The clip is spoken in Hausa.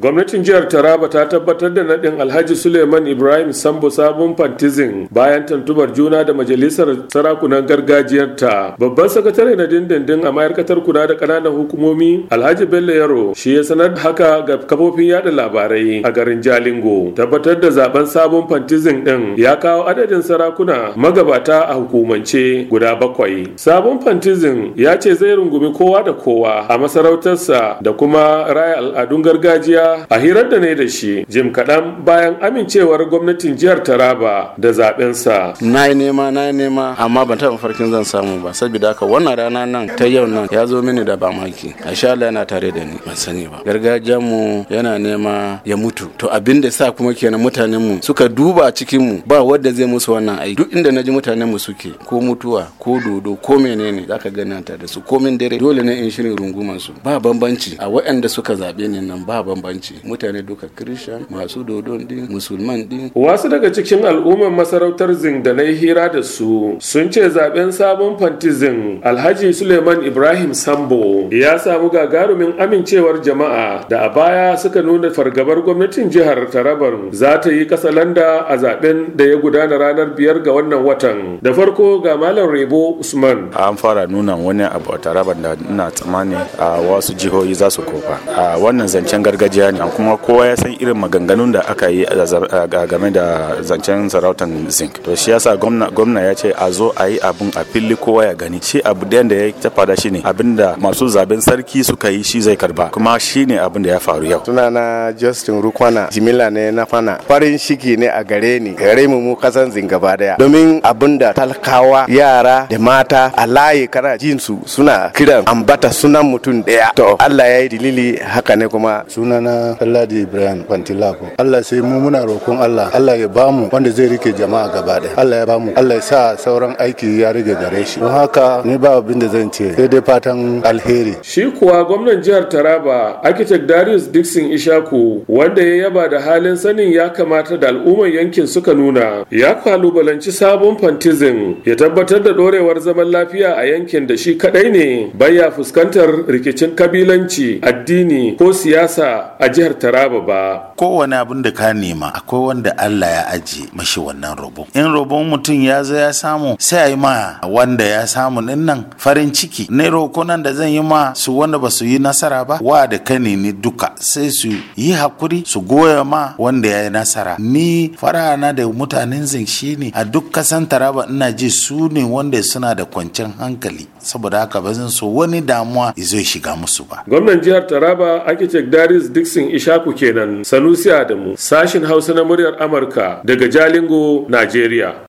Gwamnatin jihar Taraba ta tabbatar da naɗin Alhaji Suleiman Ibrahim Sambo sabon fantizin bayan tantubar juna da majalisar sarakunan gargajiyarta. Babban sakatare na dindindin a ma'aikatar kula da ƙananan hukumomi Alhaji Bello Yaro shi ya sanar da haka ga kafofin yada labarai a garin Jalingo. Tabbatar da zaben sabon fantizin ɗin ya kawo adadin sarakuna magabata a hukumance guda bakwai. Sabon fantizin ya ce zai rungumi kowa da kowa a masarautarsa da kuma raya al'adun gargajiya a hirar da ne da shi jim kaɗan bayan amincewar gwamnatin jihar Taraba da zaɓensa. Na yi nema na yi nema amma ban taɓa farkin zan samu ba saboda haka wannan rana nan ta yau nan ya zo mini da bamaki. a Allah yana tare da ni ban sani ba. gargajiyar mu yana nema ya mutu to abin da sa kuma kenan mutanen mu suka duba cikin mu ba wanda zai musu wannan aiki duk inda naji mutanen mu suke ko mutuwa ko dodo ko menene zaka gana ta da su komin dare dole ne in shirin runguman su ba bambanci a waɗanda suka zaɓe ne nan ba bambanci bambanci mutane duka christian masu dodon din musulman din wasu daga cikin al'ummar masarautar zin da na hira da su sun ce zaben sabon fantizin alhaji suleiman ibrahim sambo ya samu gagarumin amincewar jama'a da a baya suka nuna fargabar gwamnatin jihar tarabar za ta yi kasalanda a zaben da ya gudana ranar biyar ga wannan watan da farko ga malam rebo usman an fara nuna wani abu a tarabar da ina tsammani a wasu jihohi za su kofa a wannan zancen gargajiya bayani kuma kowa ya san irin maganganun da aka yi a game da zancen sarautar zinc to shi yasa gwamna ya ce a zo a yi abin a fili kowa ya gani ce abu da ya tafa da shi ne abin da masu zaben sarki suka yi shi zai karba kuma shi ne abin da ya faru yau sunana justin rukwana jimila ne na fana farin shiki ne a gare ni gare mu mu kasan zinc gaba daya domin abin da talkawa yara da mata a layi kana jin su suna kiran ambata sunan mutum daya to Allah ya yi dalili haka ne kuma sunana alladi Ibrahim Pantilapo. Allah sai mu muna roƙon Allah, Allah ya bamu wanda zai rike jama'a gaba ɗaya. Allah ya bamu, Allah ya sa sauran aiki ya rige gare shi. Don haka ni ba abin da zan ce sai dai fatan alheri. Shi kuwa gwamnan jihar Taraba, Architect Darius Dixon Ishaku, wanda ya yaba da halin sanin ya kamata da al'umman yankin suka nuna, ya kalubalanci sabon fantizin ya tabbatar da dorewar zaman lafiya a yankin da shi kadai ne baya fuskantar rikicin kabilanci, addini ko siyasa a jihar Taraba ba. Kowane abin da ka nema akwai wanda Allah ya aje mashi wannan rabo. In robon mutum ya zo ya samu sai a yi ma wanda ya samu din farin ciki. Ne roko nan da zan yi ma su wanda ba su yi nasara ba wa da kani ni duka sai su yi hakuri su goya ma wanda ya yi nasara. Ni fara na da mutanen zan shi ne a duk kasan Taraba ina ji su ne wanda suna da kwanciyar hankali saboda haka ba zan so wani damuwa ya zo shiga musu ba. Gwamnan jihar Taraba Akitek Daris Dixon Ishaku kenan Sanusi Adamu sashin Hausa na muryar Amurka daga Jalingo, Najeriya.